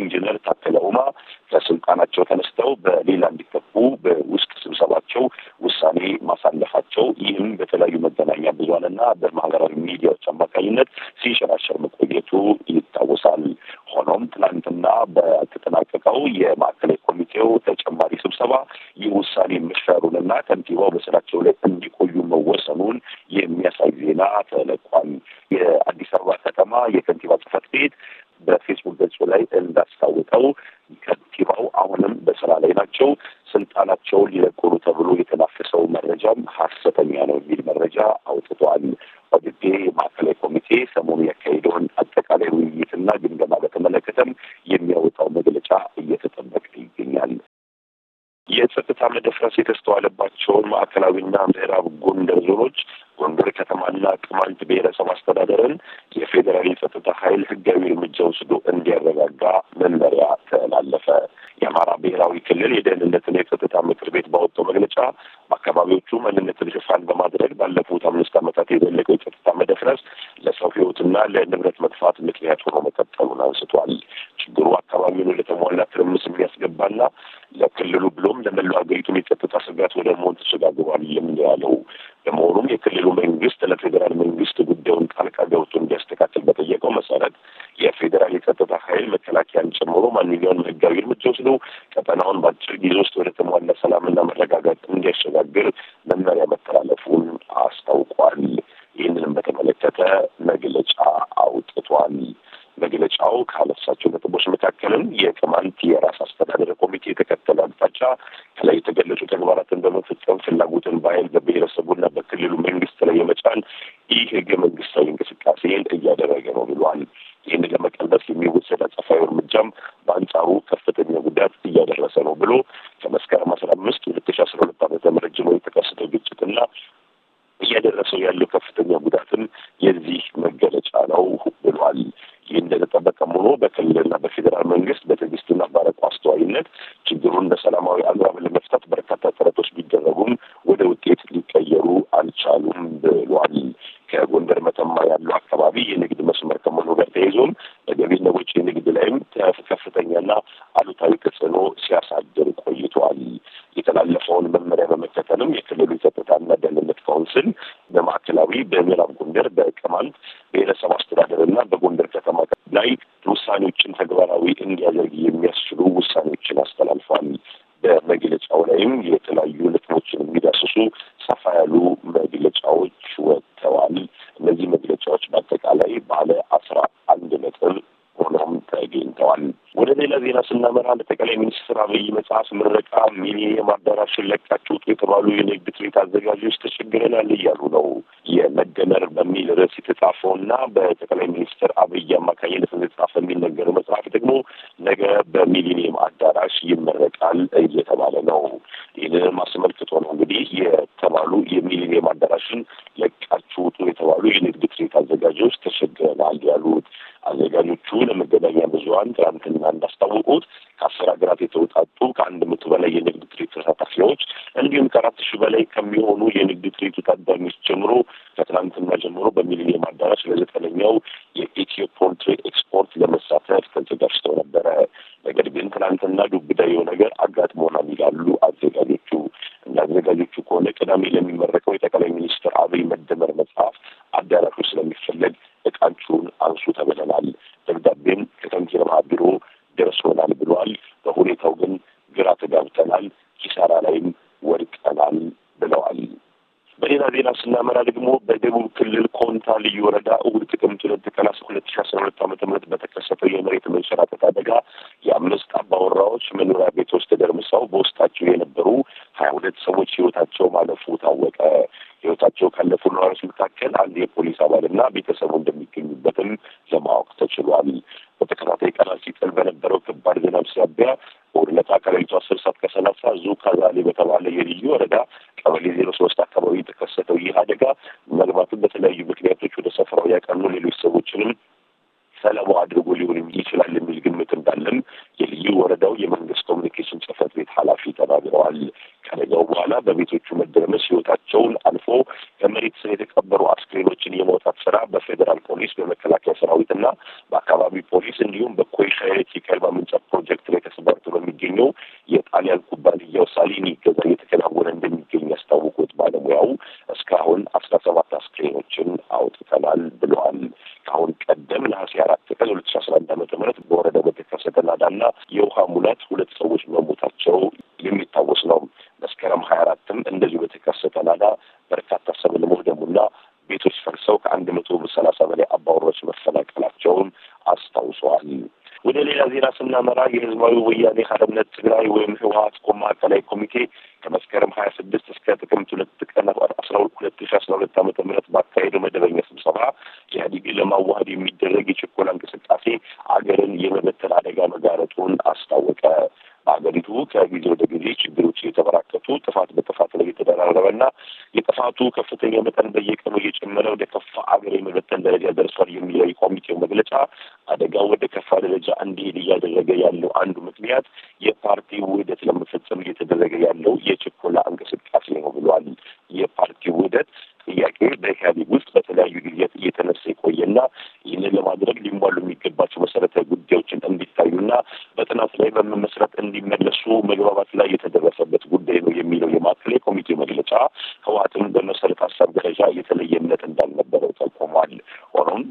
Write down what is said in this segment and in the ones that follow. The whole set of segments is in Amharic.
ኢንጂነር ታከለ ኡማ ከስልጣናቸው ተነስተው በሌላ እንዲተኩ በውስጥ ስብሰባቸው ውሳኔ ማሳለፋቸው ይህም በተለያዩ መገናኛ ብዙኃንና በማህበራዊ ሚዲያዎች አማካኝነት ሲንሸራሸር መቆየቱ ይታወሳል። ሆኖም ትናንትና በተጠናቀቀው የማዕከላዊ ኮሚቴው ተጨማሪ ስብሰባ ይህ ውሳኔ መሻሩንና ከንቲባው በስራቸው ላይ እንዲቆዩ መወሰኑን የሚያሳይ ዜና ተለቋል። የአዲስ አበባ ከተማ የከንቲባ ጽህፈት ቤት በፌስቡክ ገጹ ላይ እንዳስታወቀው ከንቲባው አሁንም በስራ ላይ ናቸው። ስልጣናቸው ሊለቁሉ ተብሎ የተናፈሰው መረጃም ሀሰተኛ ነው የሚል መረጃ አውጥቷል። ኦድቤ ማዕከላዊ ኮሚቴ ሰሞኑ ያካሄደውን አጠቃላይ ውይይትና ግምገማ በተመለከተም የሚያወጣው መግለጫ እየተጠበቀ ይገኛል። የጸጥታ መደፍረስ የተስተዋለባቸውን ማዕከላዊና ምዕራብ ጎንደር ዞኖች ጎንደር ከተማና ቅማንት ብሔረሰብ አስተዳደርን የጸጥታ ኃይል ህጋዊ እርምጃ ወስዶ እንዲያረጋጋ መመሪያ ተላለፈ። የአማራ ብሔራዊ ክልል የደህንነትና የጸጥታ ምክር ቤት ባወጣው መግለጫ በአካባቢዎቹ ማንነትን ሽፋን በማድረግ ባለፉት አምስት ዓመታት የዘለቀው የጸጥታ መደፍረስ ለሰው ህይወትና ለንብረት መጥፋት ምክንያት ሆኖ መቀጠሉን አንስቷል። ችግሩ አካባቢውን ወደ ተሟላ ትርምስ የሚያስገባና ለክልሉ ብሎም ለመላው ሀገሪቱን የጸጥታ ስጋት ወደ መሆን ተሸጋግሯል ያለው ቀጠናውን በአጭር ጊዜ ውስጥ ወደ ተሟላ ሰላምና መረጋጋት እንዲያሸጋግር መመሪያ መተላለፉን አስታውቋል። ይህንንም በተመለከተ መግለጫ አውጥቷል። መግለጫው ካነሳቸው ነጥቦች መካከልም የቅማንት የራስ አስተዳደር ኮሚቴ የተከተለ አቅጣጫ ከላይ የተገለጹ ተግባራትን በመፈጸም ፍላጎትን በኃይል በብሔረሰቡና ከፍተኛና አብይ መጽሐፍ ምረቃ ሚሊኒየም አዳራሽ ለቃችሁት የተባሉ የንግድ ትርኢት አዘጋጆች ተቸግረናል እያሉ ነው። የመደመር በሚል ርዕስ የተጻፈው እና በጠቅላይ ሚኒስትር አብይ አማካኝነት የተጻፈ የሚነገረው መጽሐፍ ደግሞ ነገ በሚሊኒየም አዳራሽ ይመረቃል እየተባለ ነው። ይህንንም አስመልክቶ ነው እንግዲህ የተባሉ የሚሊኒየም አዳራሽን ለቃችሁት የተባሉ የንግድ ትርኢት አዘጋጆች ተቸግረናል ያሉት። አዘጋጆቹ ለመገናኛ ብዙኃን ትናንትና እንዳስታወቁት ከአስር ሀገራት የተውጣጡ ከአንድ መቶ በላይ የንግድ ትርኢት ተሳታፊዎች እንዲሁም ከአራት ሺህ በላይ ከሚሆኑ የንግድ ትርኢቱ ታዳሚዎች ጀምሮ ከትናንትና ጀምሮ በሚሊኒየም አዳራሽ ለዘጠነኛው የኢትዮፖል ትሬድ መጀመሪያ ደግሞ በደቡብ ክልል ኮንታ ልዩ ወረዳ እሁድ ጥቅምት ሁለት ቀን አስራ ሁለት ሺ አስራ ሁለት ዓመተ ምህረት በተከሰተው የመሬት መንሸራተት አደጋ የአምስት አባወራዎች መኖሪያ ቤቶች ተደርምሰው በውስጣቸው የነበሩ ሀያ ሁለት ሰዎች ህይወታቸው ማለፉ ታወቀ። ህይወታቸው ካለፉ ነዋሪዎች መካከል አንድ የፖሊስ አባልና ቤተሰቡ እንደሚገኙበትም ለማወቅ ተችሏል። ስራ በፌዴራል ፖሊስ፣ በመከላከያ ሰራዊት እና በአካባቢ ፖሊስ እንዲሁም በኮይሻ የቀልባ ምንጫ ፕሮጀክት ላይ ተሰማርቶ በሚገኘው የጣሊያን ኩባንያው ሳሊኒ እገዛ እየተከናወነ እንደሚገኝ ያስታወቁት ባለሙያው እስካሁን አስራ ሰባት አስክሬኖችን አውጥተናል ብለዋል። ከአሁን ቀደም ነሐሴ አራት ቀን ሁለት ሺ አስራ አንድ ዓመተ ምህረት በወረዳው በተከሰተ ናዳና የውሃ ሙላት ሁለት ሰዎች መሞ ተግባራዊ ወያኔ ሓርነት ትግራይ ወይም ህወሀት ማዕከላዊ ኮሚቴ ከመስከረም ሀያ ስድስት እስከ ጥቅምት ሁለት ቀን አስራ ሁለት ሺ አስራ ሁለት ዓመተ ምህረት ባካሄደው መደበኛ ስብሰባ ኢህአዴግን ለማዋሀድ የሚደረግ የችኮላ እንቅስቃሴ አገርን የመበተል አደጋ መጋረጡን አስታወቀ። በሀገሪቱ ከጊዜ ወደ ጊዜ ችግሮች እየተበራከቱ ጥፋት በጥፋት ላይ የተደራረበና የጥፋቱ ከፍተኛ መጠን በየቀኑ እየጨመረ ወደ ከፋ አገር የመበተን ደረጃ ደርሷል የሚለው የኮሚቴው መግለጫ አደጋ ወደ ከፋ ደረጃ እንዲሄድ እያደረገ ያለው አንዱ ምክንያት የፓርቲው ውህደት ለመፈጸም እየተደረገ ያለው የችኮላ እንቅስቃሴ ነው ብሏል። የፓርቲው ውህደት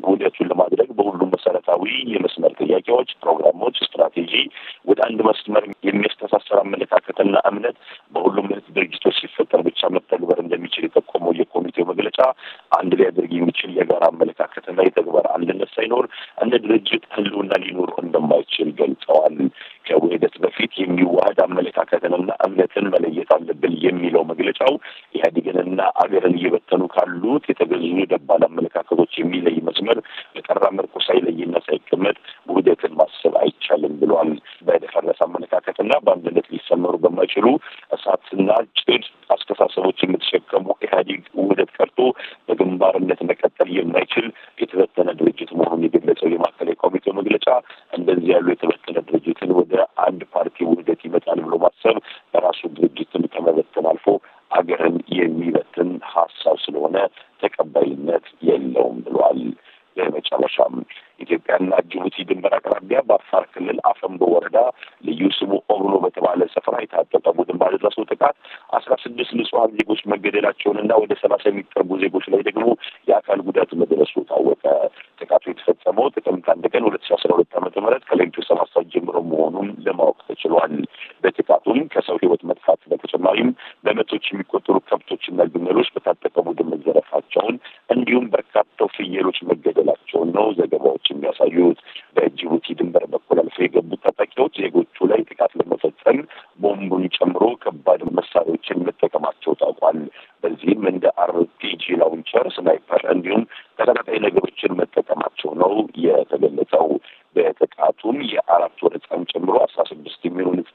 ውህደቱን ለማድረግ በሁሉም መሰረታዊ የመስመር ጥያቄዎች፣ ፕሮግራሞች፣ ስትራቴጂ ወደ አንድ መስመር የሚያስተሳሰር አመለካከትና እምነት ሊመረመሩ በማይችሉ እሳትና ጭድ አስተሳሰቦች የምትሸከሙ ኢህአዴግ ውህደት ቀርቶ በግንባርነት መቀጠል የማይችል የተበተነ ድርጅት መሆኑን የገለጸው የማዕከላዊ ኮሚቴው መግለጫ እንደዚህ ያሉ የተበተነ ድርጅትን ወደ አንድ ፓርቲ ውህደት ይመጣል ብሎ ማሰብ በራሱ ድርጅትን ከመበተን አልፎ አገርን የሚበትን ሀሳብ ስለሆነ ተቀባይነት የለውም ብሏል። በመጨረሻም ኢትዮጵያና ጅቡቲ ድንበር አቅራቢያ በአፋር ክልል አፈንጎ ወረዳ ልዩ ስሙ ኦብኖ በተባለ ስፍራ የታጠቀ ቡድን ባደረሰው ጥቃት አስራ ስድስት ንጹሐን ዜጎች መገደላቸውንና ወደ ሰላሳ የሚጠጉ ዜጎች ላይ ደግሞ የአካል ጉዳት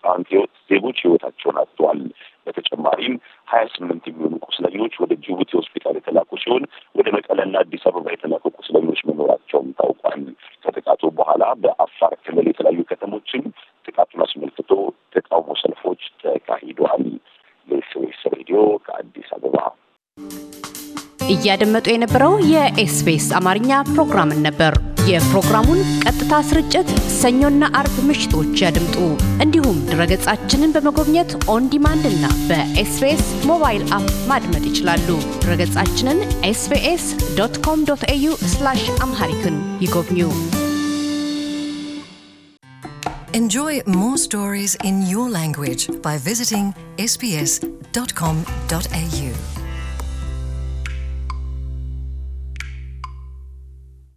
ባንክ ህይወት ዜጎች ህይወታቸውን አጥተዋል። በተጨማሪም ሀያ ስምንት የሚሆኑ ቁስለኞች ወደ ጅቡቲ ሆስፒታል የተላኩ ሲሆን ወደ መቀለና አዲስ አበባ የተላኩ ቁስለኞች መኖራቸውም ታውቋል። ከጥቃቱ በኋላ በአፋር ክልል የተለያዩ ከተሞችም ጥቃቱን አስመልክቶ ተቃውሞ ሰልፎች ተካሂደዋል። ለኤስቤስ ሬዲዮ ከአዲስ አበባ እያደመጡ የነበረው የኤስቢኤስ አማርኛ ፕሮግራምን ነበር። የፕሮግራሙን ቀጥታ ስርጭት ሰኞና አርብ ምሽቶች ያድምጡ። እንዲሁም ድረገጻችንን በመጎብኘት ኦን ዲማንድ እና በኤስቤስ ሞባይል አፕ ማድመጥ ይችላሉ። ድረገጻችንን ኤስቤስ ዶት ኮም ዶት ኤዩ አምሃሪክን ይጎብኙ። Enjoy more stories in your language by visiting sbs.com.au.